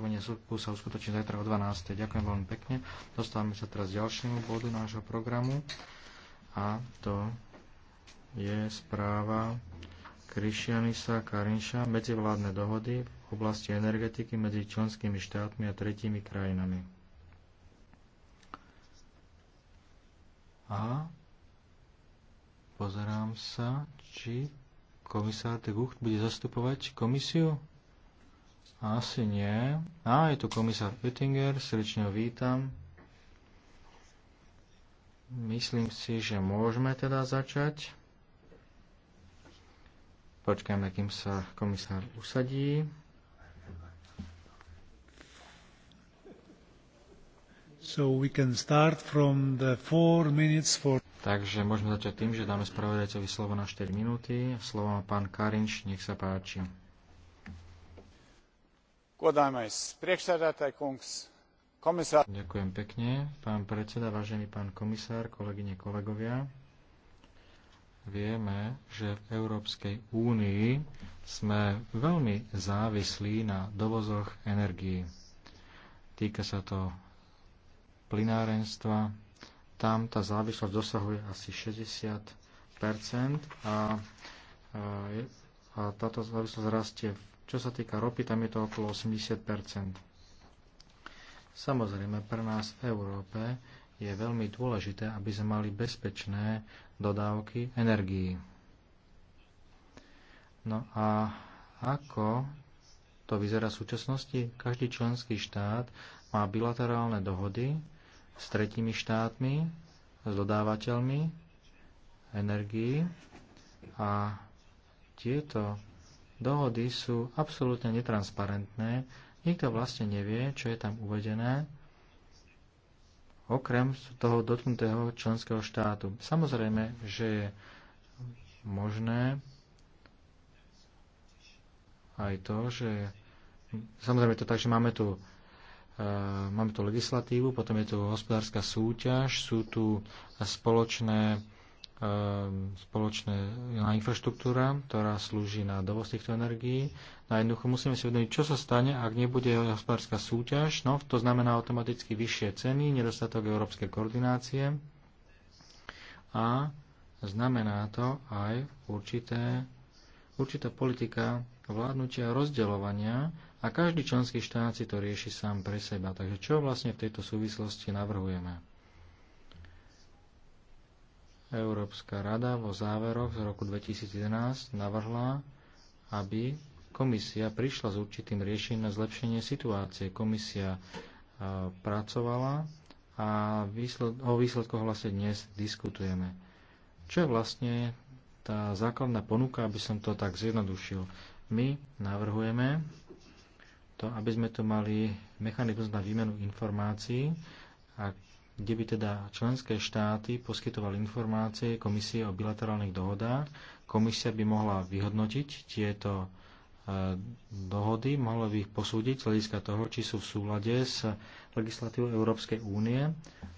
predstavenie súdku sa uskutoční zajtra o 12. Ďakujem veľmi pekne. Dostávame sa teraz k ďalšiemu bodu nášho programu a to je správa Krišianisa Karinša medzivládne dohody v oblasti energetiky medzi členskými štátmi a tretími krajinami. A pozerám sa, či komisár Tegucht bude zastupovať komisiu. Asi nie. Á, je tu komisár Pettinger. srdečne ho vítam. Myslím si, že môžeme teda začať. Počkajme, kým sa komisár usadí. So we can start from the four minutes for... Takže môžeme začať tým, že dáme spravodajcovi slovo na 4 minúty. Slovo má pán Karinč, nech sa páči. Ďakujem pekne, pán predseda, vážený pán komisár, kolegyne, kolegovia. Vieme, že v Európskej únii sme veľmi závislí na dovozoch energií. Týka sa to plinárenstva. Tam tá závislosť dosahuje asi 60 a e, a táto závislosť rastie. Čo sa týka ropy, tam je to okolo 80 Samozrejme, pre nás v Európe je veľmi dôležité, aby sme mali bezpečné dodávky energií. No a ako to vyzerá v súčasnosti? Každý členský štát má bilaterálne dohody s tretími štátmi, s dodávateľmi energií a tieto dohody sú absolútne netransparentné, nikto vlastne nevie, čo je tam uvedené, okrem toho dotknutého členského štátu. Samozrejme, že je možné aj to, že samozrejme to tak, že máme tu, e, máme tu legislatívu, potom je tu hospodárska súťaž, sú tu spoločné Ehm, spoločná infraštruktúra, ktorá slúži na dovoz týchto energií. No a jednoducho musíme si uvedomiť, čo sa stane, ak nebude hospodárska súťaž. No, to znamená automaticky vyššie ceny, nedostatok európskej koordinácie a znamená to aj určité, určitá politika vládnutia a rozdeľovania a každý členský štát si to rieši sám pre seba. Takže čo vlastne v tejto súvislosti navrhujeme? Európska rada vo záveroch z roku 2011 navrhla, aby komisia prišla s určitým riešením na zlepšenie situácie. Komisia e, pracovala a výsled, o výsledkoch vlastne dnes diskutujeme. Čo je vlastne tá základná ponuka, aby som to tak zjednodušil? My navrhujeme to, aby sme tu mali mechanizmus na výmenu informácií, a kde by teda členské štáty poskytovali informácie komisie o bilaterálnych dohodách. Komisia by mohla vyhodnotiť tieto e, dohody, mohla by ich posúdiť z hľadiska toho, či sú v súlade s legislatívou Európskej únie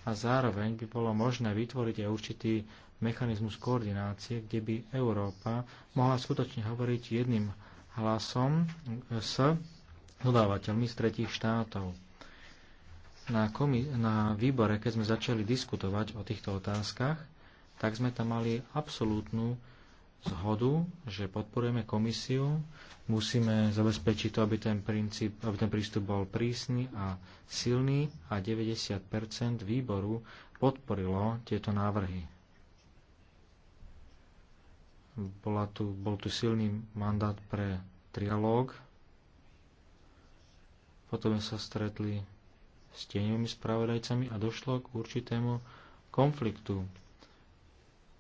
a zároveň by bolo možné vytvoriť aj určitý mechanizmus koordinácie, kde by Európa mohla skutočne hovoriť jedným hlasom s dodávateľmi z tretich štátov na, komi- na výbore, keď sme začali diskutovať o týchto otázkach, tak sme tam mali absolútnu zhodu, že podporujeme komisiu, musíme zabezpečiť to, aby ten, princíp, aby ten prístup bol prísny a silný a 90 výboru podporilo tieto návrhy. Bola tu, bol tu silný mandát pre trialóg, potom sa stretli s tieňovými spravodajcami a došlo k určitému konfliktu.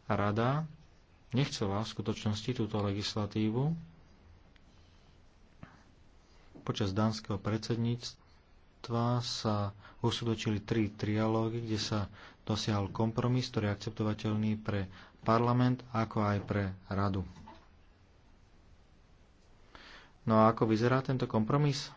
Rada nechcela v skutočnosti túto legislatívu počas dánskeho predsedníctva sa usudočili tri trialógy, kde sa dosiahol kompromis, ktorý je akceptovateľný pre parlament ako aj pre radu. No a ako vyzerá tento kompromis?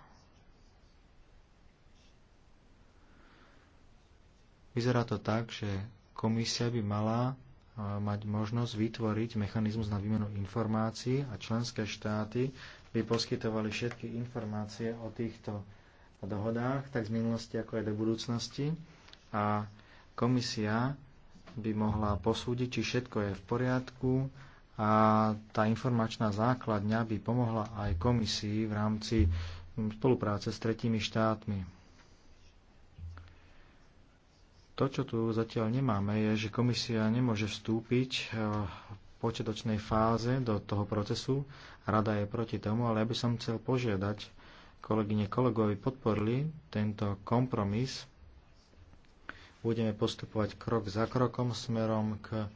Vyzerá to tak, že komisia by mala e, mať možnosť vytvoriť mechanizmus na výmenu informácií a členské štáty by poskytovali všetky informácie o týchto dohodách, tak z minulosti ako aj do budúcnosti. A komisia by mohla posúdiť, či všetko je v poriadku a tá informačná základňa by pomohla aj komisii v rámci spolupráce s tretími štátmi. To, čo tu zatiaľ nemáme, je, že komisia nemôže vstúpiť eh, v počiatočnej fáze do toho procesu. Rada je proti tomu, ale ja by som chcel požiadať kolegyne kolegov, aby podporili tento kompromis. Budeme postupovať krok za krokom smerom k eh,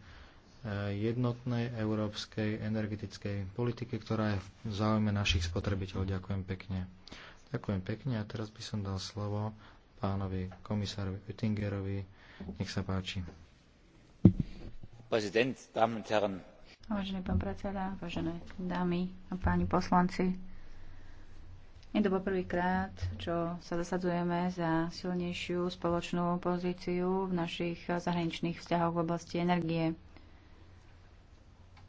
jednotnej európskej energetickej politike, ktorá je v záujme našich spotrebiteľov. Ďakujem pekne. Ďakujem pekne a teraz by som dal slovo pánovi komisárovi Oettingerovi. Nech sa páči. Prezident, dámy a herren. Vážený pán predseda, vážené dámy a páni poslanci, je to poprvýkrát, čo sa zasadzujeme za silnejšiu spoločnú pozíciu v našich zahraničných vzťahoch v oblasti energie.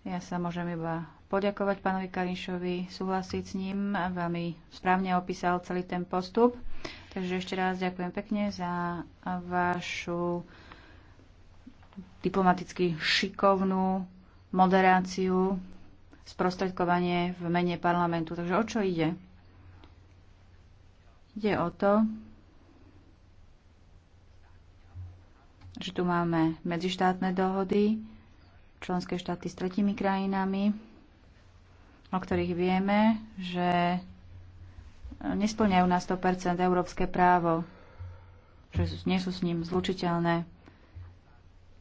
Ja sa môžem iba poďakovať pánovi Karinšovi, súhlasiť s ním, veľmi správne opísal celý ten postup. Takže ešte raz ďakujem pekne za vašu diplomaticky šikovnú moderáciu, sprostredkovanie v mene parlamentu. Takže o čo ide? Ide o to, že tu máme medzištátne dohody, členské štáty s tretími krajinami, o ktorých vieme, že nesplňajú na 100% európske právo, že nie sú s ním zlučiteľné.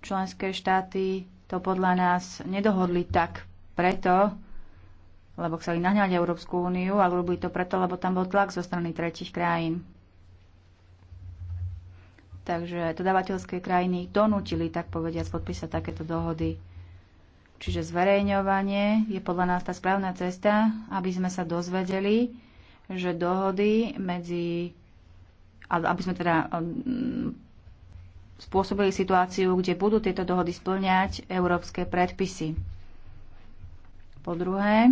Členské štáty to podľa nás nedohodli tak preto, lebo chceli nahňať Európsku úniu, ale robili to preto, lebo tam bol tlak zo strany tretich krajín. Takže dodávateľské krajiny donútili, tak povediať, podpísať takéto dohody. Čiže zverejňovanie je podľa nás tá správna cesta, aby sme sa dozvedeli, že dohody medzi, aby sme teda um, spôsobili situáciu, kde budú tieto dohody splňať európske predpisy. Po druhé,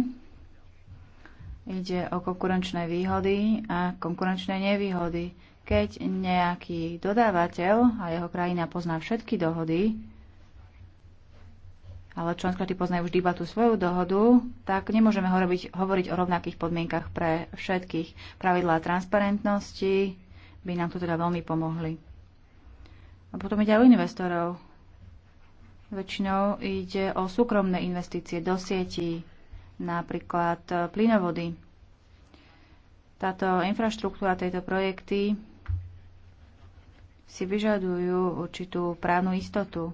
ide o konkurenčné výhody a konkurenčné nevýhody. Keď nejaký dodávateľ a jeho krajina pozná všetky dohody, ale členské štáty poznajú vždy iba tú svoju dohodu, tak nemôžeme hovoriť, hovoriť o rovnakých podmienkach pre všetkých. Pravidlá transparentnosti by nám tu teda veľmi pomohli. A potom ide aj o investorov. Väčšinou ide o súkromné investície do sietí, napríklad e, plynovody. Táto infraštruktúra, tejto projekty si vyžadujú určitú právnu istotu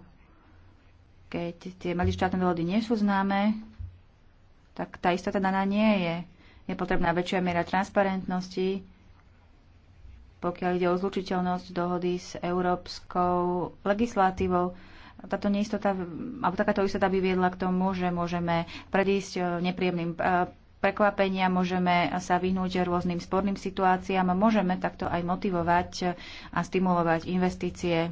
keď tie medzištátne dohody nie sú známe, tak tá istota daná nie je. Je potrebná väčšia miera transparentnosti, pokiaľ ide o zlučiteľnosť dohody s európskou legislatívou. Táto neistota, alebo takáto istota by viedla k tomu, že môžeme predísť eh, nepríjemným eh, prekvapenia, môžeme sa vyhnúť rôznym sporným situáciám a môžeme takto aj motivovať eh, a stimulovať investície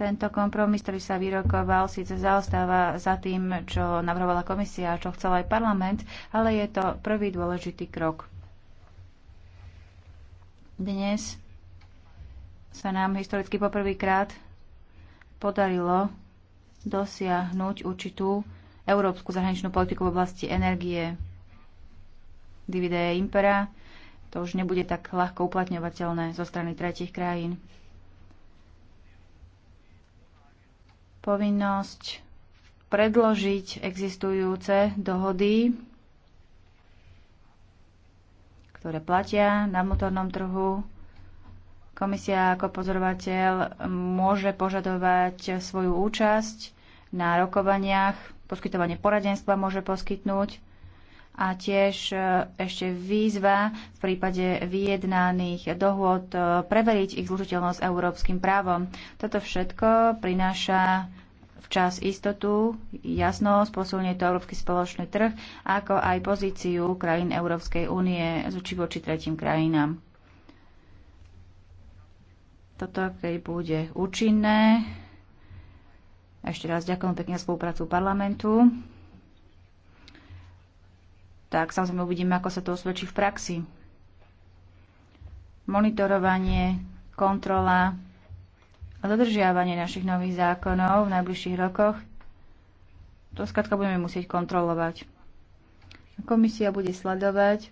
tento kompromis, ktorý sa vyrokoval, síce zaostáva za tým, čo navrhovala komisia a čo chcel aj parlament, ale je to prvý dôležitý krok. Dnes sa nám historicky poprvýkrát podarilo dosiahnuť určitú európsku zahraničnú politiku v oblasti energie. Divide impera, to už nebude tak ľahko uplatňovateľné zo strany tretich krajín. povinnosť predložiť existujúce dohody, ktoré platia na vnútornom trhu. Komisia ako pozorovateľ môže požadovať svoju účasť na rokovaniach, poskytovanie poradenstva môže poskytnúť a tiež e, ešte výzva v prípade vyjednaných dohôd e, preveriť ich zložiteľnosť európskym právom. Toto všetko prináša včas istotu, jasnosť, posilňuje to európsky spoločný trh, ako aj pozíciu krajín Európskej únie zúči voči tretím krajinám. Toto, keď bude účinné, ešte raz ďakujem pekne za spoluprácu parlamentu tak samozrejme uvidíme, ako sa to osvedčí v praxi. Monitorovanie, kontrola a dodržiavanie našich nových zákonov v najbližších rokoch, to skladka budeme musieť kontrolovať. Komisia bude sledovať,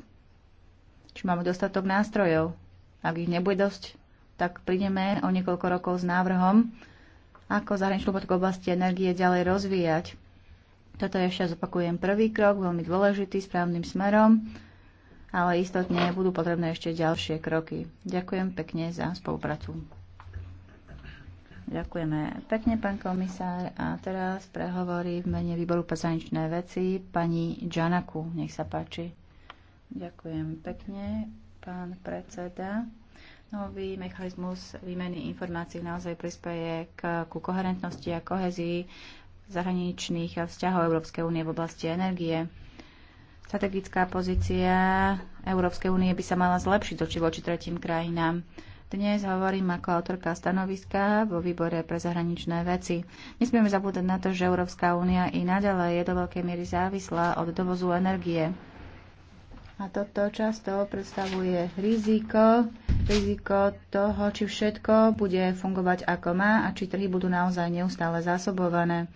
či máme dostatok nástrojov. Ak ich nebude dosť, tak prídeme o niekoľko rokov s návrhom, ako zahraničnú politiku oblasti energie ďalej rozvíjať toto ešte, zopakujem, prvý krok, veľmi dôležitý, správnym smerom, ale istotne budú potrebné ešte ďalšie kroky. Ďakujem pekne za spoluprácu. Ďakujeme pekne, pán komisár. A teraz prehovorí v mene výboru pre zahraničné veci pani Džanaku. Nech sa páči. Ďakujem pekne, pán predseda. Nový mechanizmus výmeny informácií naozaj prispieje k, ku koherentnosti a kohezii zahraničných vzťahov Európskej únie v oblasti energie. Strategická pozícia Európskej únie by sa mala zlepšiť oči voči tretím krajinám. Dnes hovorím ako autorka stanoviska vo výbore pre zahraničné veci. Nesmieme zabúdať na to, že Európska únia i naďalej je do veľkej miery závislá od dovozu energie. A toto často predstavuje riziko riziko toho, či všetko bude fungovať ako má a či trhy budú naozaj neustále zásobované.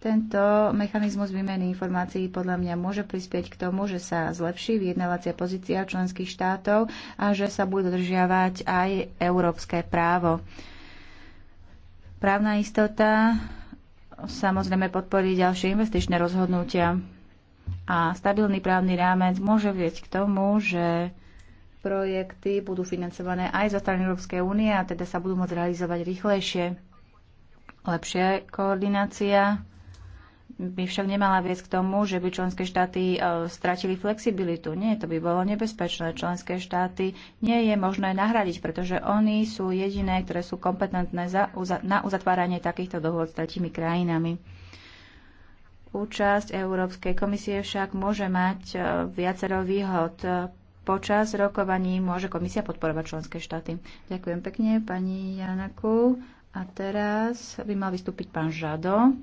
Tento mechanizmus výmeny informácií podľa mňa môže prispieť k tomu, že sa zlepší vyjednávacia pozícia členských štátov a že sa bude dodržiavať aj európske právo. Právna istota samozrejme podporí ďalšie investičné rozhodnutia a stabilný právny rámec môže viesť k tomu, že projekty budú financované aj zo strany Európskej únie a teda sa budú môcť realizovať rýchlejšie. Lepšia koordinácia by však nemala viesť k tomu, že by členské štáty e, stratili flexibilitu. Nie, to by bolo nebezpečné. Členské štáty nie je možné nahradiť, pretože oni sú jediné, ktoré sú kompetentné za, na uzatváranie takýchto dohôd s tretimi krajinami. Účasť Európskej komisie však môže mať e, viacero výhod počas rokovaní môže komisia podporovať členské štáty. Ďakujem pekne, pani Janaku. A teraz by mal vystúpiť pán Žado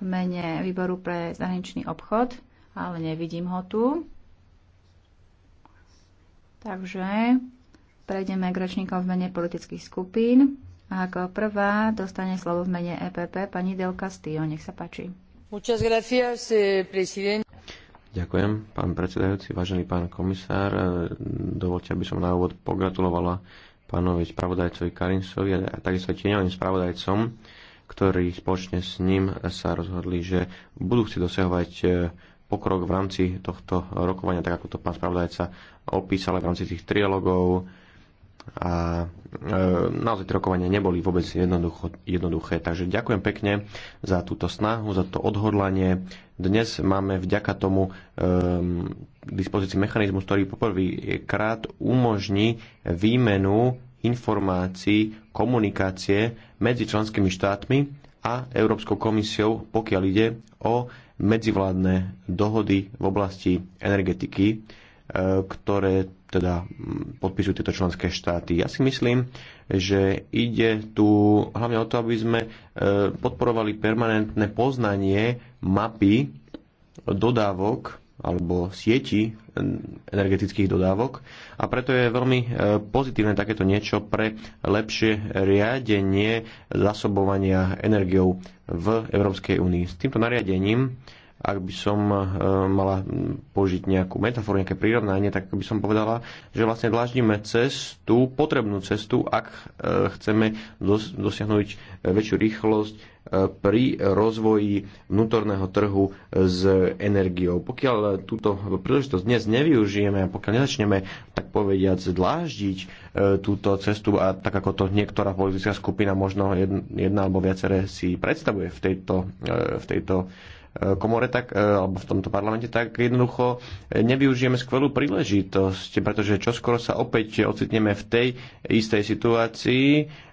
v mene výboru pre zahraničný obchod, ale nevidím ho tu. Takže prejdeme k rečníkom v mene politických skupín. A ako prvá dostane slovo v mene EPP pani Delka Castillo. Nech sa páči. Muchas gracias, eh, president. Ďakujem, pán predsedajúci, vážený pán komisár. Dovolte, aby som na úvod pogratulovala pánovi spravodajcovi Karinsovi a takisto aj tieňovým spravodajcom, ktorí spoločne s ním sa rozhodli, že budú chcieť dosahovať e, pokrok v rámci tohto rokovania, tak ako to pán spravodajca opísal v rámci tých trialogov, a e, naozaj tie rokovania neboli vôbec jednoduché. Takže ďakujem pekne za túto snahu, za to odhodlanie. Dnes máme vďaka tomu e, k dispozícii mechanizmus, ktorý poprvýkrát umožní výmenu informácií, komunikácie medzi členskými štátmi a Európskou komisiou, pokiaľ ide o medzivládne dohody v oblasti energetiky E, ktoré teda podpisujú tieto členské štáty. Ja si myslím, že ide tu hlavne o to, aby sme e, podporovali permanentné poznanie mapy dodávok alebo sieti energetických dodávok a preto je veľmi e, pozitívne takéto niečo pre lepšie riadenie zasobovania energiou v Európskej únii. S týmto nariadením ak by som e, mala použiť nejakú metaforu, nejaké prirovnanie, tak by som povedala, že vlastne dlaždíme cestu, potrebnú cestu, ak e, chceme dosiahnuť väčšiu rýchlosť e, pri rozvoji vnútorného trhu s energiou. Pokiaľ túto príležitosť dnes nevyužijeme a pokiaľ nezačneme, tak povediať, dláždiť túto cestu a tak ako to niektorá politická skupina možno jedna, jedna alebo viaceré si predstavuje v tejto, v tejto Eh, komore, tak, eh, alebo v tomto parlamente, tak jednoducho eh, nevyužijeme skvelú príležitosť, pretože čoskoro sa opäť ocitneme v tej istej situácii,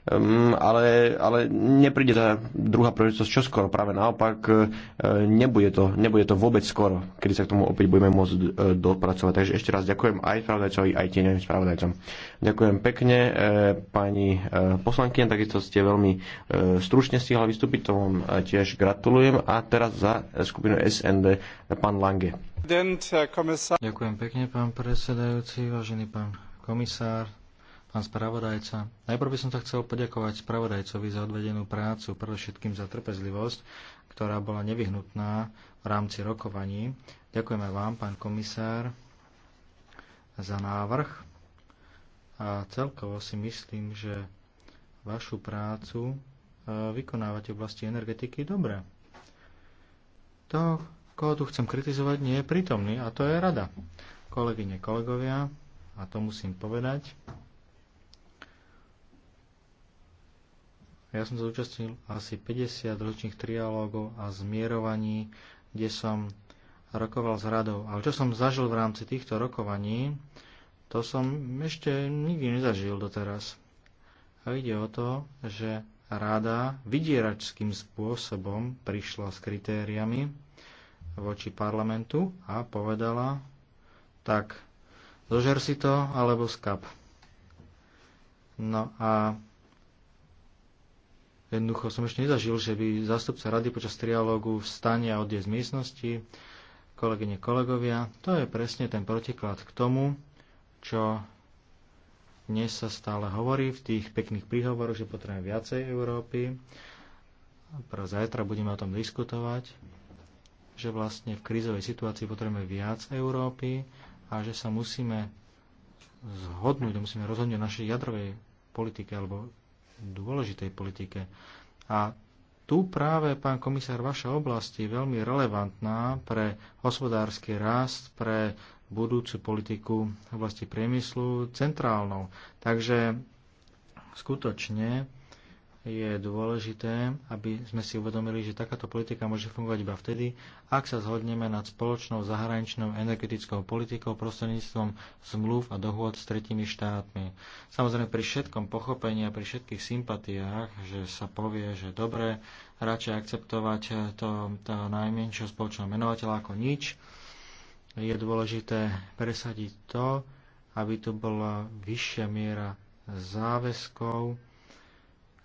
um, ale, ale nepríde tá druhá príležitosť čoskoro. Práve naopak, e, nebude, to, nebude to vôbec skoro, kedy sa k tomu opäť budeme môcť uh, dopracovať. Takže ešte raz ďakujem aj spravodajcovi, aj tieňovým spravodajcom. Ďakujem pekne, e, pani uh, poslankyňa, takisto ste veľmi stručne stihla vystúpiť, to vám tiež gratulujem. A teraz za skupinu SND pán Lange. Ďakujem pekne, pán predsedajúci, vážený pán komisár, pán spravodajca. Najprv by som sa chcel poďakovať spravodajcovi za odvedenú prácu, predovšetkým za trpezlivosť, ktorá bola nevyhnutná v rámci rokovaní. Ďakujeme vám, pán komisár, za návrh. A celkovo si myslím, že vašu prácu e, vykonávate v oblasti energetiky dobre. To, koho tu chcem kritizovať, nie je prítomný a to je rada. Kolegyne, kolegovia, a to musím povedať, Ja som sa zúčastnil asi 50 ročných triálogov a zmierovaní, kde som rokoval s radou. Ale čo som zažil v rámci týchto rokovaní, to som ešte nikdy nezažil doteraz. A ide o to, že rada vydieračským spôsobom prišla s kritériami voči parlamentu a povedala, tak zožer si to alebo skap. No a Jednoducho som ešte nezažil, že by zástupca rady počas trialógu vstane a odje z miestnosti. Kolegyne, kolegovia, to je presne ten protiklad k tomu, čo dnes sa stále hovorí v tých pekných príhovoroch, že potrebujeme viacej Európy. Pro zajtra budeme o tom diskutovať, že vlastne v krízovej situácii potrebujeme viac Európy a že sa musíme zhodnúť, musíme rozhodnúť o našej jadrovej politike alebo dôležitej politike. A tu práve, pán komisár, vaša oblasť je veľmi relevantná pre hospodársky rast, pre budúcu politiku v oblasti priemyslu centrálnou. Takže skutočne je dôležité, aby sme si uvedomili, že takáto politika môže fungovať iba vtedy, ak sa zhodneme nad spoločnou zahraničnou energetickou politikou prostredníctvom zmluv a dohôd s tretimi štátmi. Samozrejme pri všetkom pochopení a pri všetkých sympatiách, že sa povie, že dobre, radšej akceptovať to, to najmenšieho spoločného menovateľa ako nič, je dôležité presadiť to, aby tu bola vyššia miera záväzkov,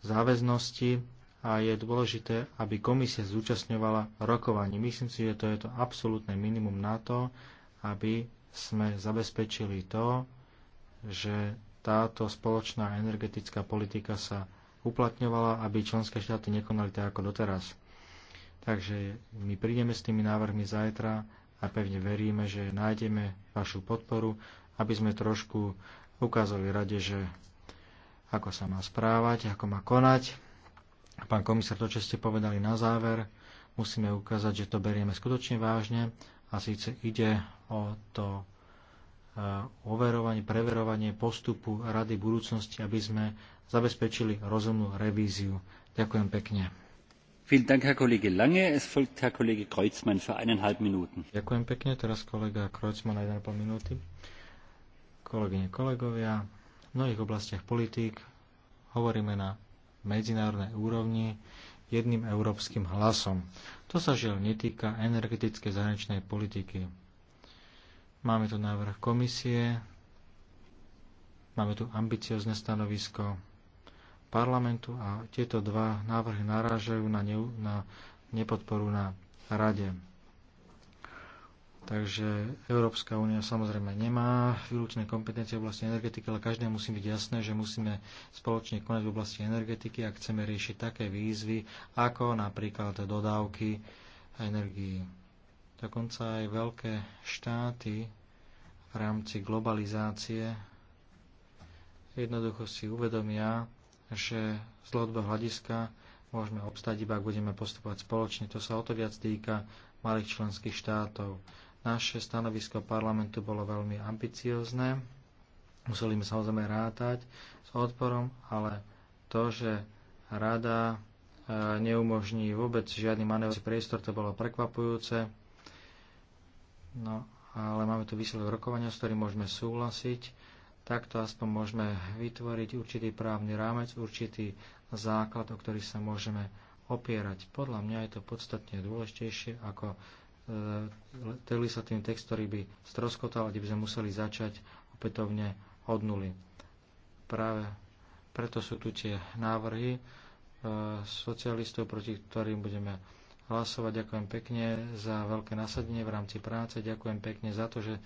záväznosti a je dôležité, aby komisia zúčastňovala rokovanie. Myslím si, že to je to absolútne minimum na to, aby sme zabezpečili to, že táto spoločná energetická politika sa uplatňovala, aby členské štáty nekonali tak ako doteraz. Takže my prídeme s tými návrhmi zajtra a pevne veríme, že nájdeme vašu podporu, aby sme trošku ukázali rade, že ako sa má správať, ako má konať. Pán komisár, to, čo ste povedali na záver, musíme ukázať, že to berieme skutočne vážne a síce ide o to e, overovanie, preverovanie postupu Rady budúcnosti, aby sme zabezpečili rozumnú revíziu. Ďakujem pekne. Ďakujem pekne, teraz kolega Kreuzmann na 1,5 minúty. Kolegyne, kolegovia, mnohých oblastiach politík hovoríme na medzinárodnej úrovni jedným európskym hlasom. To sa žiaľ netýka energetickej zahraničnej politiky. Máme tu návrh komisie, máme tu ambiciozne stanovisko parlamentu a tieto dva návrhy narážajú na, ne, na nepodporu na rade. Takže Európska únia samozrejme nemá výlučné kompetencie v oblasti energetiky, ale každému musí byť jasné, že musíme spoločne konať v oblasti energetiky, ak chceme riešiť také výzvy, ako napríklad dodávky energii. Dokonca aj veľké štáty v rámci globalizácie jednoducho si uvedomia, že z dlhodobého hľadiska môžeme obstať iba, ak budeme postupovať spoločne. To sa o to viac týka malých členských štátov. Naše stanovisko parlamentu bolo veľmi ambiciozne. Museli sme samozrejme rátať s odporom, ale to, že rada e, neumožní vôbec žiadny manévrový priestor, to bolo prekvapujúce. No, ale máme tu výsledok rokovania, s ktorým môžeme súhlasiť. Takto aspoň môžeme vytvoriť určitý právny rámec, určitý základ, o ktorý sa môžeme opierať. Podľa mňa je to podstatne dôležitejšie ako E, to sa legislatívny text, ktorý by stroskotal, kde by sme museli začať opätovne od nuly. Práve preto sú tu tie návrhy e, socialistov, proti ktorým budeme hlasovať. Ďakujem pekne za veľké nasadenie v rámci práce. Ďakujem pekne za to, že e,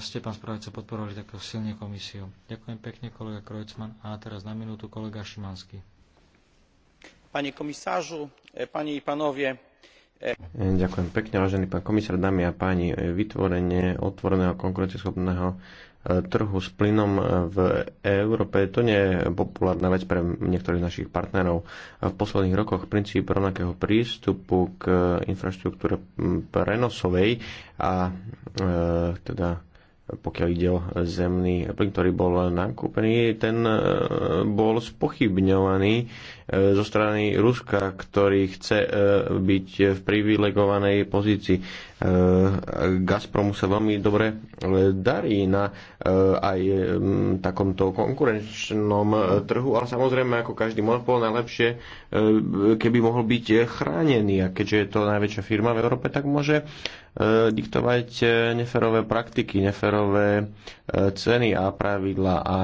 ste, pán spravodajca, podporovali takú silne komisiu. Ďakujem pekne, kolega Krojcman. A teraz na minútu kolega Šimanský. Pani komisážu, pani i panovie, Ďakujem pekne, vážený pán komisár, dámy a páni. Vytvorenie otvoreného konkurencieschopného e, trhu s plynom v Európe. To nie je populárna vec pre niektorých našich partnerov. V posledných rokoch princíp rovnakého prístupu k e, infraštruktúre prenosovej a e, teda pokiaľ ide o zemný plyn, ktorý bol nakúpený, ten e, bol spochybňovaný E, zo strany Ruska, ktorý chce e, byť v privilegovanej pozícii. E, Gazpromu sa veľmi dobre darí na aj takomto konkurenčnom trhu, ale samozrejme ako každý monopol najlepšie, keby mohol byť chránený. A keďže je to najväčšia firma v Európe, tak môže diktovať neferové praktiky, neferové ceny a pravidla. A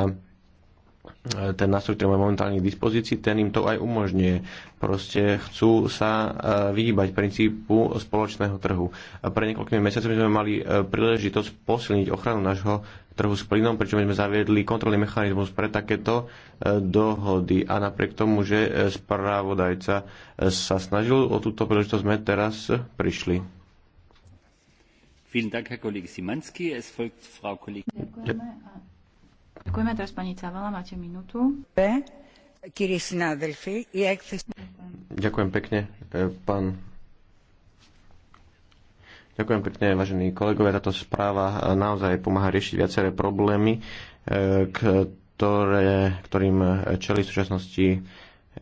E, ten nástroj, ktorý majú momentálne k dispozícii, ten im to aj umožňuje. Proste chcú sa e, vyhýbať princípu spoločného trhu. A pre niekoľkými mesiacmi sme mali e, príležitosť posilniť ochranu nášho trhu s plynom, pričom sme zaviedli kontrolný mechanizmus pre takéto dohody. A napriek tomu, že spravodajca sa snažil o túto príležitosť, sme teraz prišli. Vielen Dank, Herr Kollege Simanski. Es folgt Frau Kollegin. Ďakujeme teraz pani Cavala, máte minútu. Ďakujem pekne, e, pán Ďakujem pekne, vážení kolegovia. Táto správa naozaj pomáha riešiť viaceré problémy, e, ktoré, ktorým čeli v súčasnosti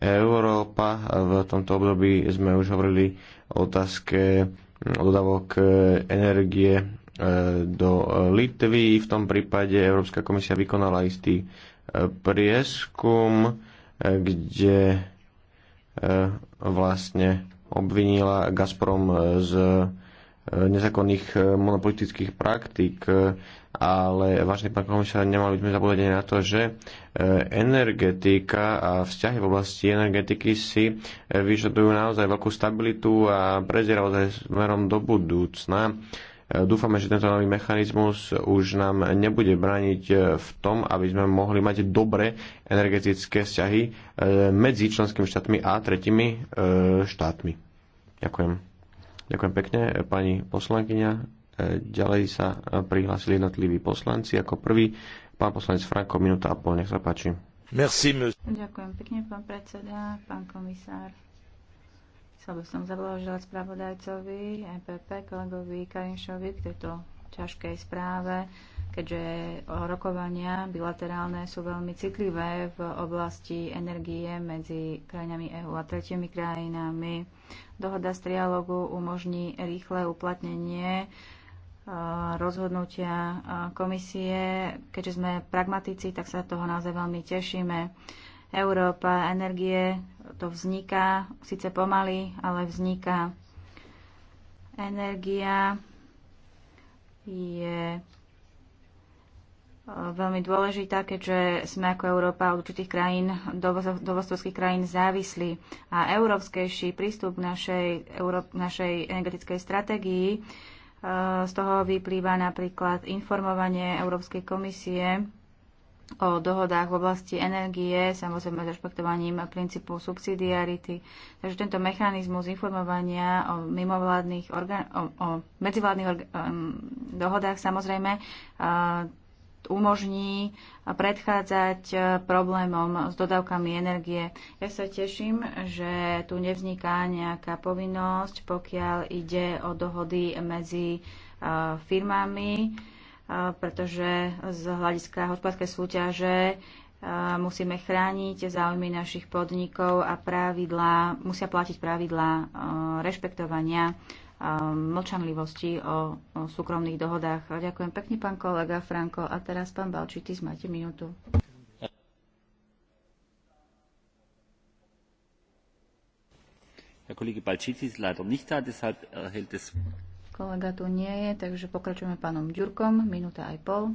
Európa. V tomto období sme už hovorili o otázke dodávok e, energie E, do e, Litvy. V tom prípade Európska komisia vykonala istý e, prieskum, kde vlastne obvinila Gazprom z nezákonných monopolitických praktík, ale vážne pán komisár, nemali by sme zabúdať na to, že energetika a vzťahy v oblasti energetiky si vyžadujú naozaj veľkú stabilitu a prezieravosť smerom do budúcna. Dúfame, že tento nový mechanizmus už nám nebude braniť v tom, aby sme mohli mať dobré energetické vzťahy eh, medzi členskými štátmi a tretimi eh, štátmi. Ďakujem. Ďakujem pekne, pani poslankyňa. Eh, ďalej sa prihlásili jednotliví poslanci. Ako prvý pán poslanec Franko, minúta a pol, nech sa páči. Merci, Ďakujem pekne, pán predseda, pán komisár. Chcel by som zablahoželať spravodajcovi EPP, kolegovi Karinšovi k tejto ťažkej správe, keďže rokovania bilaterálne sú veľmi citlivé v oblasti energie medzi krajinami EÚ a tretimi krajinami. Dohoda z trialogu umožní rýchle uplatnenie e, rozhodnutia e, komisie. Keďže sme pragmatici, tak sa toho naozaj veľmi tešíme. Európa energie, to vzniká, síce pomaly, ale vzniká. Energia je e, veľmi dôležitá, keďže sme ako Európa od určitých krajín, dovozovských krajín závislí. A európskejší prístup k našej, Euró- našej energetickej stratégii e, z toho vyplýva napríklad informovanie Európskej komisie o dohodách v oblasti energie, samozrejme s rešpektovaním princípu subsidiarity. Takže tento mechanizmus informovania o mimovládnych orgán- o, o medzivládnych org- um, dohodách samozrejme uh, umožní predchádzať e, problémom s dodávkami energie. Ja sa teším, že tu nevzniká nejaká povinnosť, pokiaľ ide o dohody medzi uh, firmami pretože z hľadiska hospodárskej súťaže musíme chrániť záujmy našich podnikov a pravidlá, musia platiť pravidlá rešpektovania mlčanlivosti o, súkromných dohodách. Ďakujem pekne, pán kolega Franko. A teraz, pán Balčitis, máte minútu. Herr Kollege Balcicis leider nicht da, deshalb erhält äh, es Kolega tu nie je, takže pokračujeme pánom Ďurkom, minúta aj pol.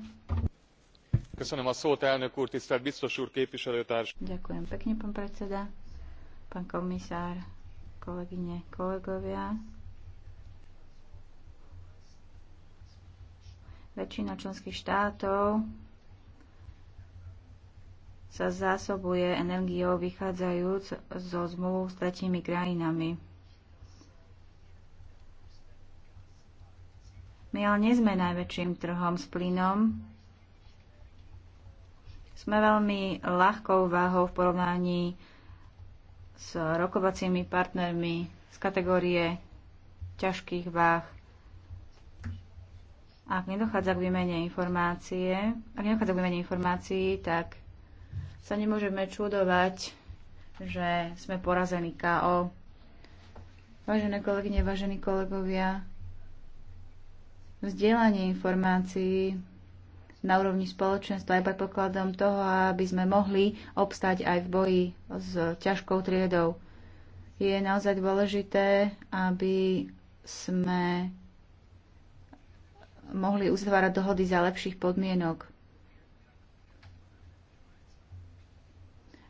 Ďakujem pekne, pán predseda, pán komisár, kolegyne, kolegovia. Väčšina členských štátov sa zásobuje energiou vychádzajúc zo zmluv s tretími krajinami. My ale nie sme najväčším trhom s plynom. Sme veľmi ľahkou váhou v porovnaní s rokovacími partnermi z kategórie ťažkých váh. Ak nedochádza k výmene informácie, ak nedochádza k výmene informácií, tak sa nemôžeme čudovať, že sme porazení KO. Vážené kolegyne, vážení kolegovia, vzdielanie informácií na úrovni spoločenstva aj predpokladom toho, aby sme mohli obstať aj v boji s ťažkou triedou. Je naozaj dôležité, aby sme mohli uzvárať dohody za lepších podmienok.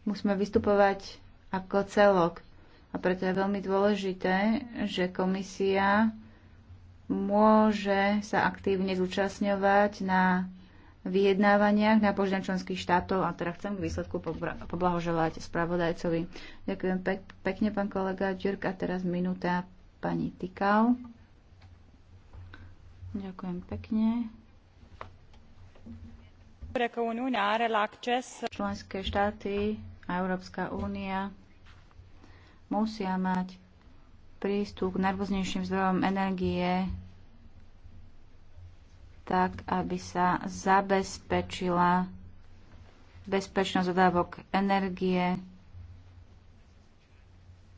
Musíme vystupovať ako celok. A preto je veľmi dôležité, že komisia môže sa aktívne zúčastňovať na vyjednávaniach na požiadanie členských štátov a teda chcem k výsledku poblahoželať spravodajcovi. Ďakujem pek, pekne, pán kolega Ďurk. A teraz minúta pani Tikal. Ďakujem pekne. Členské štáty a Európska únia musia mať prístup k najrôznejším zdrojom energie tak aby sa zabezpečila bezpečnosť dodávok energie.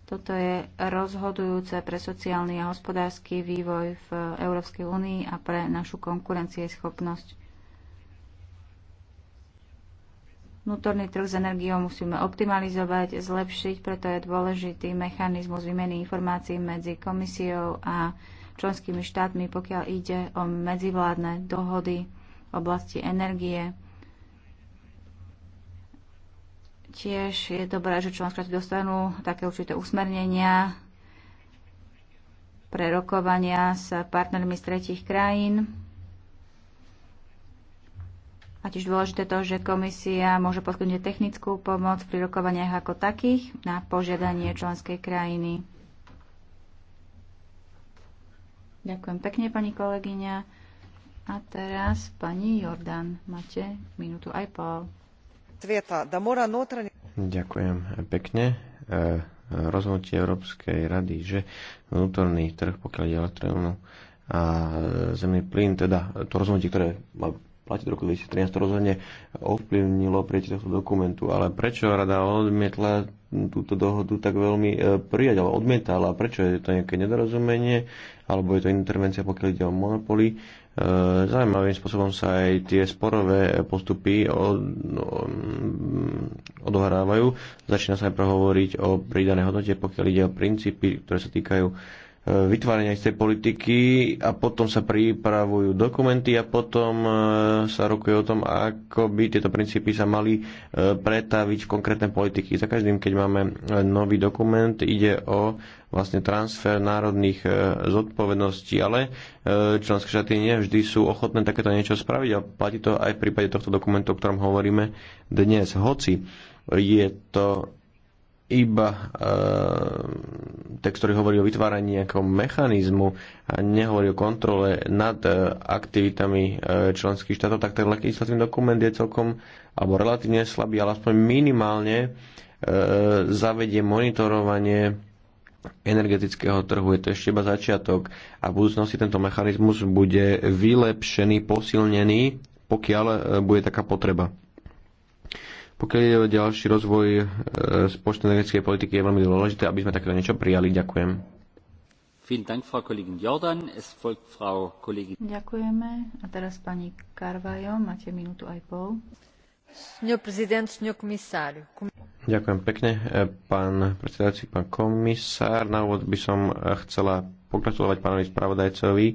Toto je rozhodujúce pre sociálny a hospodársky vývoj v Európskej únii a pre našu konkurencieschopnosť. Vnútorný trh s energiou musíme optimalizovať, zlepšiť, preto je dôležitý mechanizmus výmeny informácií medzi komisiou a členskými štátmi, pokiaľ ide o medzivládne dohody v oblasti energie. Tiež je dobré, že členské štáty dostanú také určité usmernenia pre rokovania s partnermi z tretich krajín. A tiež dôležité to, že komisia môže poskytnúť technickú pomoc pri rokovaniach ako takých na požiadanie členskej krajiny. Ďakujem pekne, pani kolegyňa. A teraz pani Jordan, máte minútu aj pol. Ďakujem pekne. E, rozhodnutie Európskej rady, že vnútorný trh, pokiaľ je elektrónu a e, zemný plyn, teda to rozhodnutie, ktoré platiť roku 2013, to rozhodne ovplyvnilo prijatie tohto dokumentu. Ale prečo rada odmietla túto dohodu tak veľmi e, prijať, ale odmietala? Prečo je to nejaké nedorozumenie, alebo je to intervencia, pokiaľ ide o monopoly? E, zaujímavým spôsobom sa aj tie sporové postupy od, odohrávajú. Začína sa aj prehovoriť o pridanej hodnote, pokiaľ ide o princípy, ktoré sa týkajú vytvárania tej politiky a potom sa pripravujú dokumenty a potom e, sa rokuje o tom, ako by tieto princípy sa mali e, pretaviť v konkrétne politiky. Za každým, keď máme e, nový dokument, ide o vlastne transfer národných zodpovedností, ale členské štáty nevždy sú ochotné takéto niečo spraviť a platí to aj v prípade tohto dokumentu, o ktorom hovoríme dnes. Hoci je to iba e, text, ktorý hovorí o vytváraní nejakého mechanizmu a nehovorí o kontrole nad e, aktivitami e, členských štátov, tak ten legislatívny dokument je celkom alebo relatívne slabý, ale aspoň minimálne e, zavedie monitorovanie energetického trhu. Je to ešte iba začiatok a v budúcnosti tento mechanizmus bude vylepšený, posilnený, pokiaľ e, bude taká potreba. Pokiaľ je ďalší rozvoj e, spoločnej energetickej politiky, je veľmi dôležité, aby sme takéto niečo prijali. Ďakujem. Ďakujeme. A teraz pani Carvajo, máte minútu aj pol. Ďakujem pekne, e, pán predsedajúci, pán komisár. Na úvod by som e, chcela pogratulovať pánovi spravodajcovi e,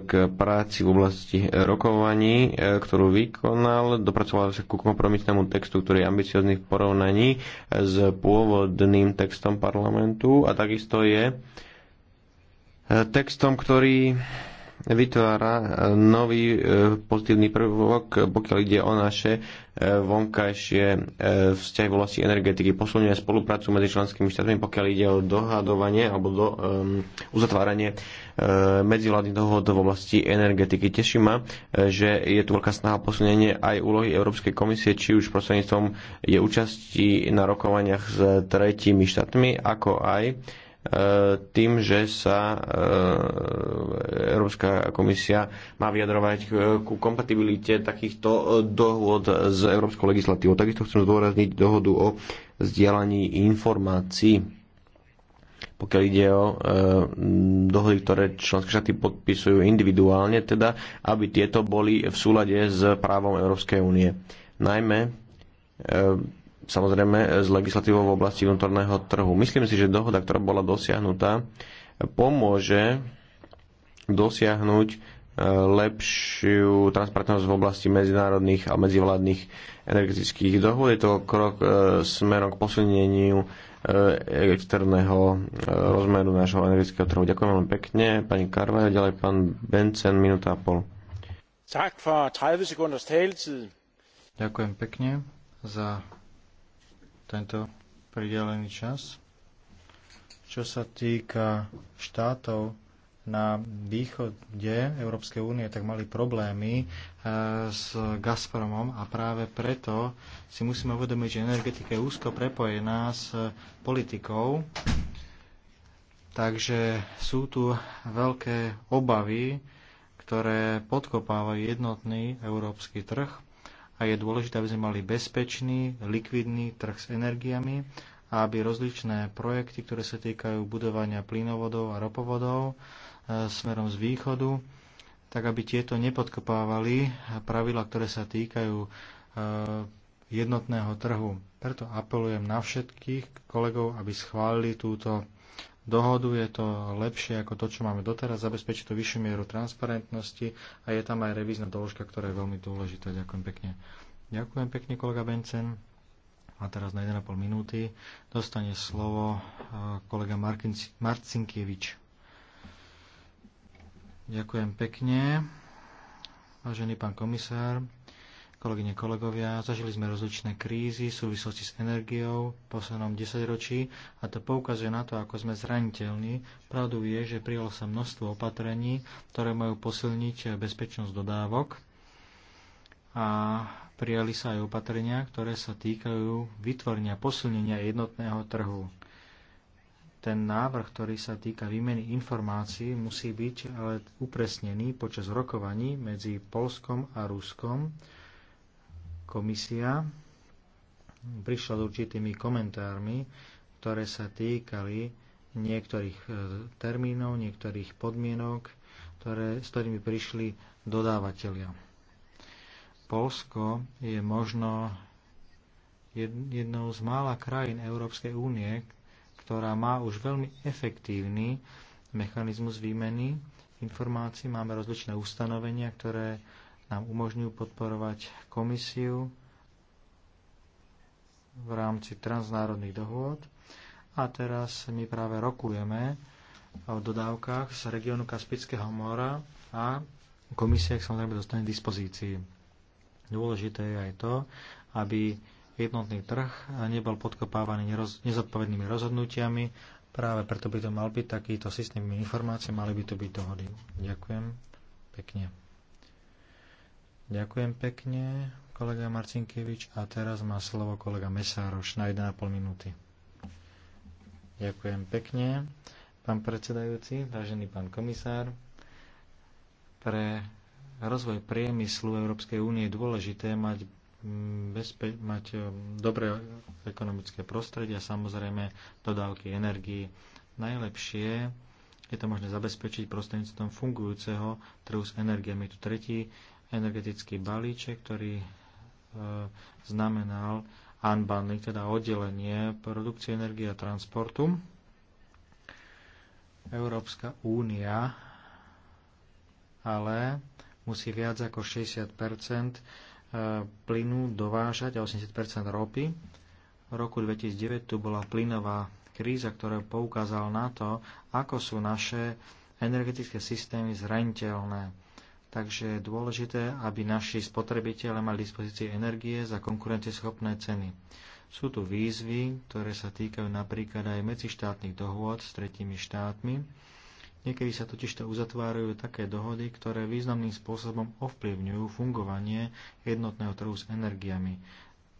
k práci v oblasti rokovaní, e, ktorú vykonal. Dopracoval sa ku kompromisnému textu, ktorý je ambiciozný v porovnaní s pôvodným textom parlamentu a takisto je e, textom, ktorý vytvára e, nový e, pozitívny prvok, pokiaľ ide o naše e, vonkajšie vzťahy v oblasti energetiky. Posilňuje spoluprácu medzi členskými štátmi, pokiaľ ide o dohadovanie alebo do, um, uzatváranie medzivládnych dohod v oblasti energetiky. Teší ma, že je tu veľká snaha posunenie aj úlohy Európskej komisie, či už prostredníctvom je účasti na rokovaniach s tretími štátmi, ako aj tým, že sa e, Európska komisia má vyjadrovať e, ku kompatibilite takýchto e, dohôd s európskou legislatívou. Takisto chcem zdôrazniť dohodu o vzdielaní informácií pokiaľ ide o e, dohody, ktoré členské štáty podpisujú individuálne, teda aby tieto boli v súlade s právom Európskej únie. Najmä e, samozrejme s legislatívou v oblasti vnútorného trhu. Myslím si, že dohoda, ktorá bola dosiahnutá, pomôže dosiahnuť e, lepšiu transparentnosť v oblasti medzinárodných a medzivládnych energetických dohod. Je to krok e, smerom k posilneniu e, externého rozmeru nášho energetického trhu. Ďakujem veľmi pekne. Pani Karvajo, ďalej pán Bencen, minúta a pol. Tak for 30 Ďakujem pekne za tento pridelený čas. Čo sa týka štátov na východe Európskej únie, tak mali problémy e, s Gazpromom a práve preto si musíme uvedomiť, že energetika je úzko prepojená s politikou. Takže sú tu veľké obavy, ktoré podkopávajú jednotný európsky trh a je dôležité, aby sme mali bezpečný, likvidný trh s energiami a aby rozličné projekty, ktoré sa týkajú budovania plynovodov a ropovodov e, smerom z východu, tak aby tieto nepodkopávali pravidla, ktoré sa týkajú e, jednotného trhu. Preto apelujem na všetkých kolegov, aby schválili túto dohodu, je to lepšie ako to, čo máme doteraz, zabezpečí to vyššiu mieru transparentnosti a je tam aj revízna doložka, ktorá je veľmi dôležitá. Ďakujem pekne. Ďakujem pekne, kolega Bencen. A teraz na 1,5 minúty dostane slovo e, kolega Marcinkievič. Ďakujem pekne. Vážený pán komisár, kolegyne, kolegovia. Zažili sme rozličné krízy v súvislosti s energiou v poslednom desaťročí a to poukazuje na to, ako sme zraniteľní. Pravdu je, že prijalo sa množstvo opatrení, ktoré majú posilniť bezpečnosť dodávok a prijali sa aj opatrenia, ktoré sa týkajú vytvorenia posilnenia jednotného trhu. Ten návrh, ktorý sa týka výmeny informácií, musí byť ale upresnený počas rokovaní medzi Polskom a Ruskom, Komisia prišla s určitými komentármi, ktoré sa týkali niektorých e, termínov, niektorých podmienok, ktoré, s ktorými prišli dodávateľia. Polsko je možno jednou z mála krajín Európskej únie, ktorá má už veľmi efektívny mechanizmus výmeny informácií. Máme rozličné ustanovenia, ktoré nám umožňujú podporovať komisiu v rámci transnárodných dohôd. A teraz my práve rokujeme o dodávkach z regiónu Kaspického mora a komisia ich samozrejme dostane k dispozícii. Dôležité je aj to, aby jednotný trh nebol podkopávaný nezodpovednými rozhodnutiami. Práve preto by to mal byť takýto systém informácií, mali by to byť dohody. Ďakujem pekne. Ďakujem pekne, kolega Marcinkevič. A teraz má slovo kolega Mesároš na 1,5 minúty. Ďakujem pekne, pán predsedajúci, vážený pán komisár. Pre rozvoj priemyslu Európskej únie je dôležité mať, mm, bezpe- mať e, dobré ekonomické prostredie a samozrejme dodávky energii. Najlepšie je to možné zabezpečiť prostredníctvom fungujúceho trhu s energiami. Tu tretí energetický balíček, ktorý e, znamenal unbundling, teda oddelenie produkcie energie a transportu. Európska únia ale musí viac ako 60 e, plynu dovážať a 80 ropy. V roku 2009 tu bola plynová kríza, ktorá poukázala na to, ako sú naše energetické systémy zraniteľné takže je dôležité, aby naši spotrebitelia mali dispozície energie za konkurencieschopné ceny. Sú tu výzvy, ktoré sa týkajú napríklad aj medzištátnych dohôd s tretími štátmi. Niekedy sa totižto uzatvárajú také dohody, ktoré významným spôsobom ovplyvňujú fungovanie jednotného trhu s energiami.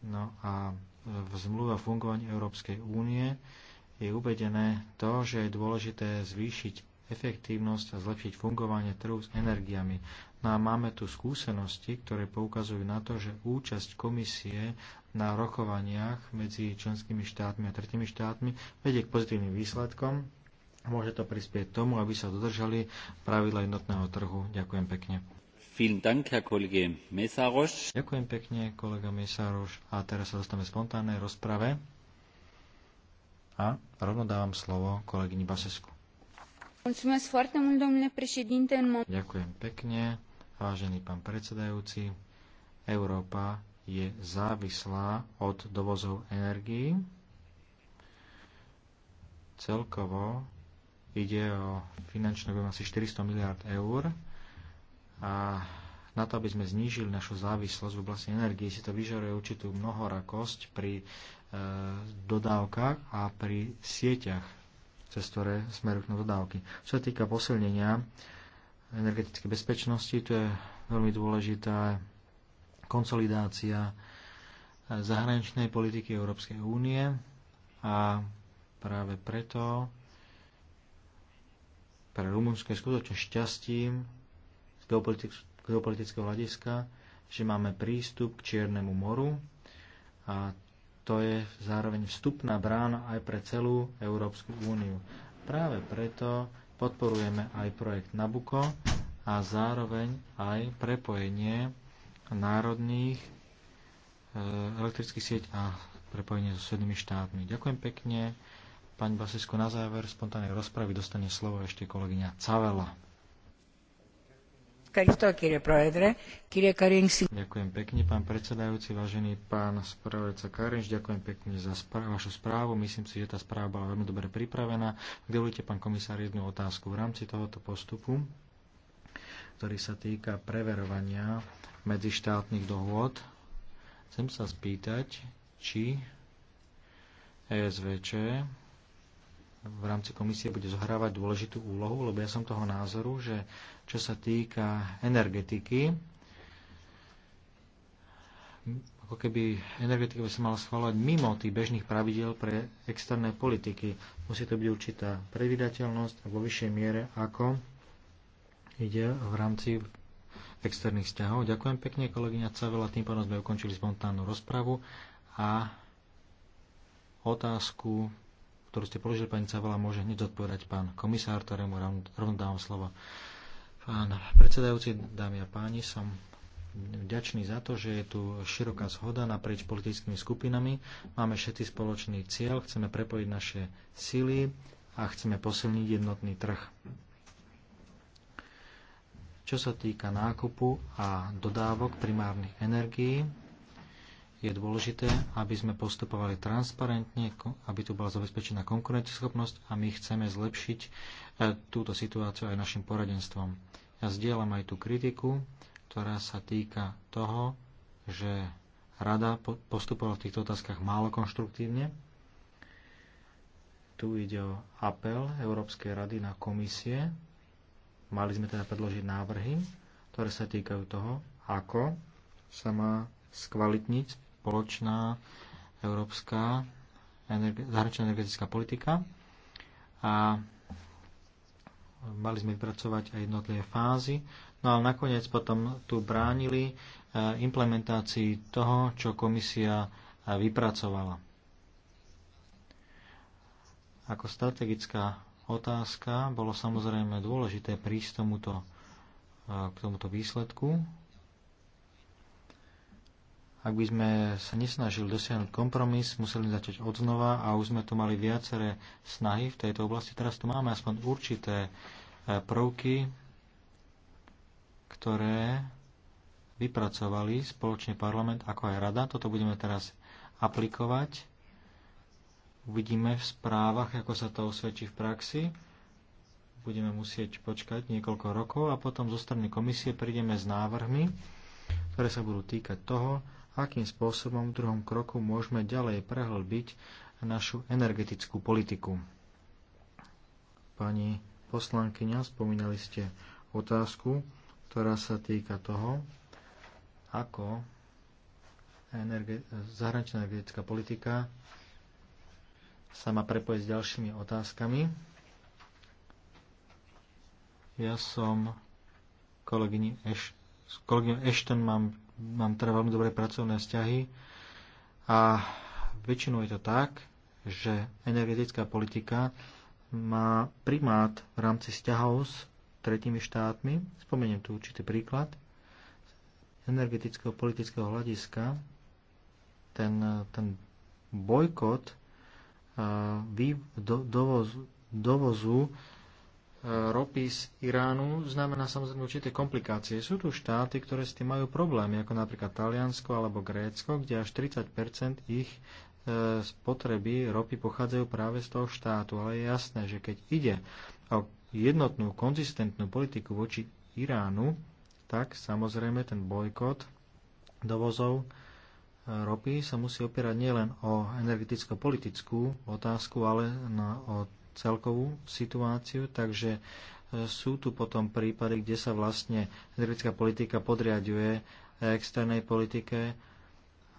No a v zmluve o fungovaní Európskej únie je uvedené to, že je dôležité zvýšiť efektívnosť a zlepšiť fungovanie trhu s energiami. No a máme tu skúsenosti, ktoré poukazujú na to, že účasť komisie na rokovaniach medzi členskými štátmi a tretimi štátmi vedie k pozitívnym výsledkom a môže to prispieť tomu, aby sa dodržali pravidla jednotného trhu. Ďakujem pekne. Ďakujem pekne, kolega Mesároš. A teraz sa dostaneme spontánnej rozprave. A rovno dávam slovo kolegyni Basesku. Ďakujem pekne, vážený pán predsedajúci. Európa je závislá od dovozov energií. Celkovo ide o finančnú objem asi 400 miliard eur a na to, aby sme znížili našu závislosť v oblasti energie, si to vyžaruje určitú mnohorakosť pri e, dodávkach a pri sieťach cez ktoré smerujú dodávky. Čo sa týka posilnenia energetickej bezpečnosti, to je veľmi dôležitá konsolidácia zahraničnej politiky Európskej únie a práve preto pre Rumunsko je skutočne šťastím z geopolitického hľadiska, že máme prístup k Čiernemu moru a to je zároveň vstupná brána aj pre celú Európsku úniu. Práve preto podporujeme aj projekt Nabuko a zároveň aj prepojenie národných e, elektrických sieť a prepojenie so svednými štátmi. Ďakujem pekne. Pani Basisko, na záver spontánnej rozpravy dostane slovo ešte kolegyňa Cavela. Ďakujem pekne, pán predsedajúci, vážený pán spravodajca Karinš, ďakujem pekne za správ, vašu správu. Myslím si, že tá správa bola veľmi dobre pripravená. Ak pán komisár, jednu otázku v rámci tohoto postupu, ktorý sa týka preverovania medzištátnych dohôd. Chcem sa spýtať, či ESVČ v rámci komisie bude zohrávať dôležitú úlohu, lebo ja som toho názoru, že čo sa týka energetiky, ako keby energetika by sa mala schváľovať mimo tých bežných pravidel pre externé politiky. Musí to byť určitá predvydateľnosť a vo vyššej miere ako ide v rámci externých vzťahov. Ďakujem pekne, kolegyňa Cavela. Tým pádom sme ukončili spontánnu rozpravu a otázku ktorú ste položili, pani Cavala, môže hneď odpovedať pán komisár, ktorému rovno dávam slovo. Pán predsedajúci, dámy a páni, som vďačný za to, že je tu široká zhoda naprieč politickými skupinami. Máme všetci spoločný cieľ, chceme prepojiť naše síly a chceme posilniť jednotný trh. Čo sa týka nákupu a dodávok primárnych energií, je dôležité, aby sme postupovali transparentne, aby tu bola zabezpečená konkurenceschopnosť a my chceme zlepšiť e, túto situáciu aj našim poradenstvom. Ja zdieľam aj tú kritiku, ktorá sa týka toho, že rada postupovala v týchto otázkach málo konštruktívne. Tu ide o apel Európskej rady na komisie. Mali sme teda predložiť návrhy, ktoré sa týkajú toho, ako sa má skvalitniť spoločná európska energe- zahraničná energetická politika a mali sme vypracovať aj jednotlivé fázy. No ale nakoniec potom tu bránili e, implementácii toho, čo komisia e, vypracovala. Ako strategická otázka bolo samozrejme dôležité prísť tomuto, e, k tomuto výsledku ak by sme sa nesnažili dosiahnuť kompromis, museli začať od znova a už sme tu mali viaceré snahy v tejto oblasti. Teraz tu máme aspoň určité e, prvky, ktoré vypracovali spoločne parlament ako aj rada. Toto budeme teraz aplikovať. Uvidíme v správach, ako sa to osvedčí v praxi. Budeme musieť počkať niekoľko rokov a potom zo strany komisie prídeme s návrhmi, ktoré sa budú týkať toho, akým spôsobom v druhom kroku môžeme ďalej prehlbiť našu energetickú politiku. Pani poslankyňa, spomínali ste otázku, ktorá sa týka toho, ako energe- zahraničná energetická politika sa má prepojiť s ďalšími otázkami. Ja som kolegyni Eš- s kolegyňou mám mám teda veľmi dobré pracovné vzťahy a väčšinou je to tak, že energetická politika má primát v rámci vzťahov s tretími štátmi. Spomeniem tu určitý príklad. Z energetického politického hľadiska ten, ten bojkot dovoz, dovozu ropy z Iránu znamená samozrejme určité komplikácie. Sú tu štáty, ktoré s tým majú problémy, ako napríklad Taliansko alebo Grécko, kde až 30 ich e, spotreby ropy pochádzajú práve z toho štátu. Ale je jasné, že keď ide o jednotnú, konzistentnú politiku voči Iránu, tak samozrejme ten bojkot dovozov e, ropy sa musí opierať nielen o energeticko-politickú otázku, ale na, o celkovú situáciu, takže e, sú tu potom prípady, kde sa vlastne energetická politika podriaduje externej politike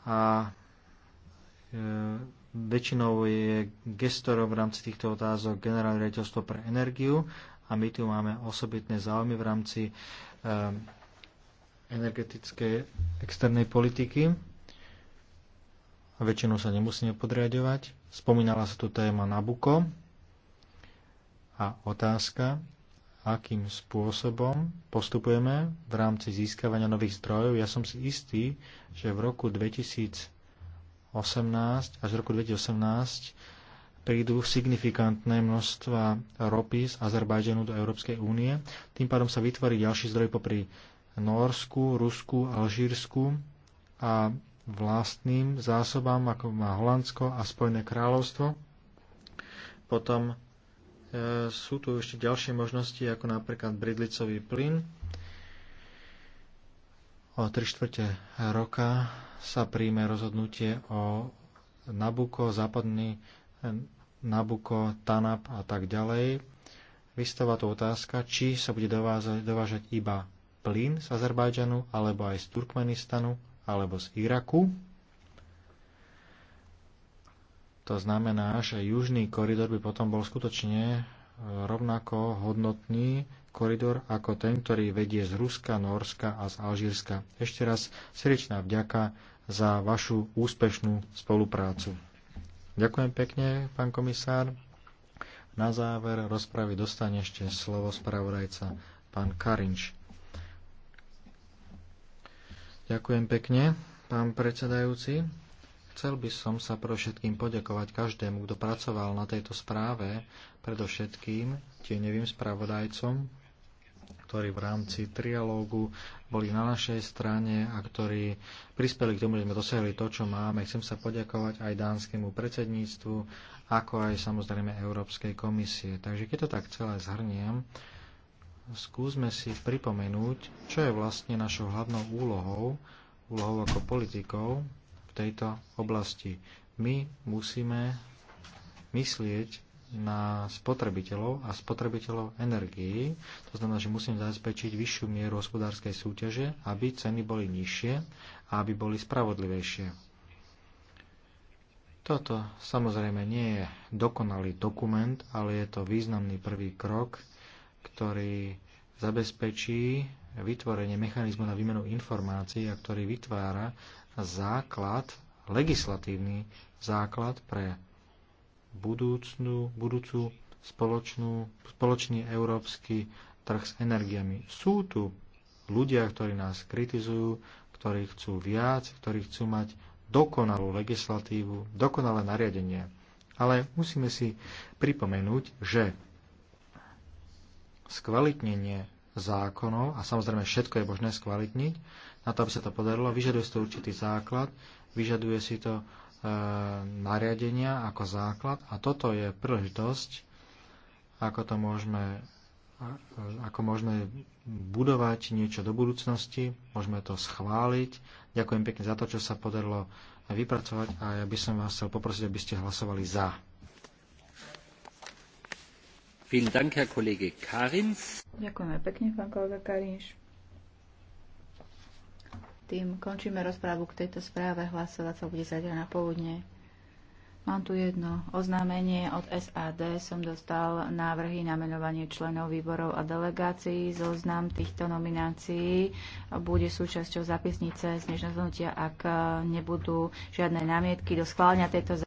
a e, väčšinou je gestorom v rámci týchto otázok generálne riaditeľstvo pre energiu a my tu máme osobitné záujmy v rámci e, energetickej externej politiky a väčšinou sa nemusíme podriadovať. Spomínala sa tu téma Nabuko, a otázka, akým spôsobom postupujeme v rámci získavania nových zdrojov. Ja som si istý, že v roku 2018 až v roku 2018 prídu signifikantné množstva ropy z Azerbajdžanu do Európskej únie. Tým pádom sa vytvorí ďalší zdroj popri Norsku, Rusku, Alžírsku a vlastným zásobám, ako má Holandsko a Spojené kráľovstvo. Potom E, sú tu ešte ďalšie možnosti, ako napríklad bridlicový plyn. O 3 čtvrte roka sa príjme rozhodnutie o Nabuko, západný Nabuko, Tanap a tak ďalej. Vystáva tu otázka, či sa bude dovážať, dovážať iba plyn z Azerbajdžanu, alebo aj z Turkmenistanu, alebo z Iraku to znamená, že južný koridor by potom bol skutočne e, rovnako hodnotný koridor ako ten, ktorý vedie z Ruska, Norska a z Alžírska. Ešte raz srdečná vďaka za vašu úspešnú spoluprácu. Ďakujem pekne, pán komisár. Na záver rozpravy dostane ešte slovo spravodajca pán Karinč. Ďakujem pekne, pán predsedajúci. Chcel by som sa pre všetkým poďakovať každému, kto pracoval na tejto správe, predovšetkým tieňovým spravodajcom, ktorí v rámci trialógu boli na našej strane a ktorí prispeli k tomu, že sme dosiahli to, čo máme. Chcem sa poďakovať aj dánskemu predsedníctvu, ako aj samozrejme Európskej komisie. Takže keď to tak celé zhrniem, skúsme si pripomenúť, čo je vlastne našou hlavnou úlohou, úlohou ako politikov, v tejto oblasti. My musíme myslieť na spotrebiteľov a spotrebiteľov energií. To znamená, že musíme zabezpečiť vyššiu mieru hospodárskej súťaže, aby ceny boli nižšie a aby boli spravodlivejšie. Toto samozrejme nie je dokonalý dokument, ale je to významný prvý krok, ktorý zabezpečí vytvorenie mechanizmu na výmenu informácií a ktorý vytvára základ, legislatívny základ pre budúcnú, budúcu spoločnú, spoločný európsky trh s energiami. Sú tu ľudia, ktorí nás kritizujú, ktorí chcú viac, ktorí chcú mať dokonalú legislatívu, dokonalé nariadenie. Ale musíme si pripomenúť, že skvalitnenie zákonov, a samozrejme všetko je možné skvalitniť, na to, aby sa to podarilo. Vyžaduje si to určitý základ, vyžaduje si to e, nariadenia ako základ a toto je príležitosť, ako to môžeme ako môžeme budovať niečo do budúcnosti, môžeme to schváliť. Ďakujem pekne za to, čo sa podarilo vypracovať a ja by som vás chcel poprosiť, aby ste hlasovali za. Ďakujeme pekne, pán kolega Karins. Tým končíme rozprávu k tejto správe. Hlasovať sa bude zajtra na poludne. Mám tu jedno oznámenie od SAD. Som dostal návrhy na menovanie členov výborov a delegácií. Zoznam týchto nominácií bude súčasťou zapisnice z dnešného ak nebudú žiadne námietky do schválenia tejto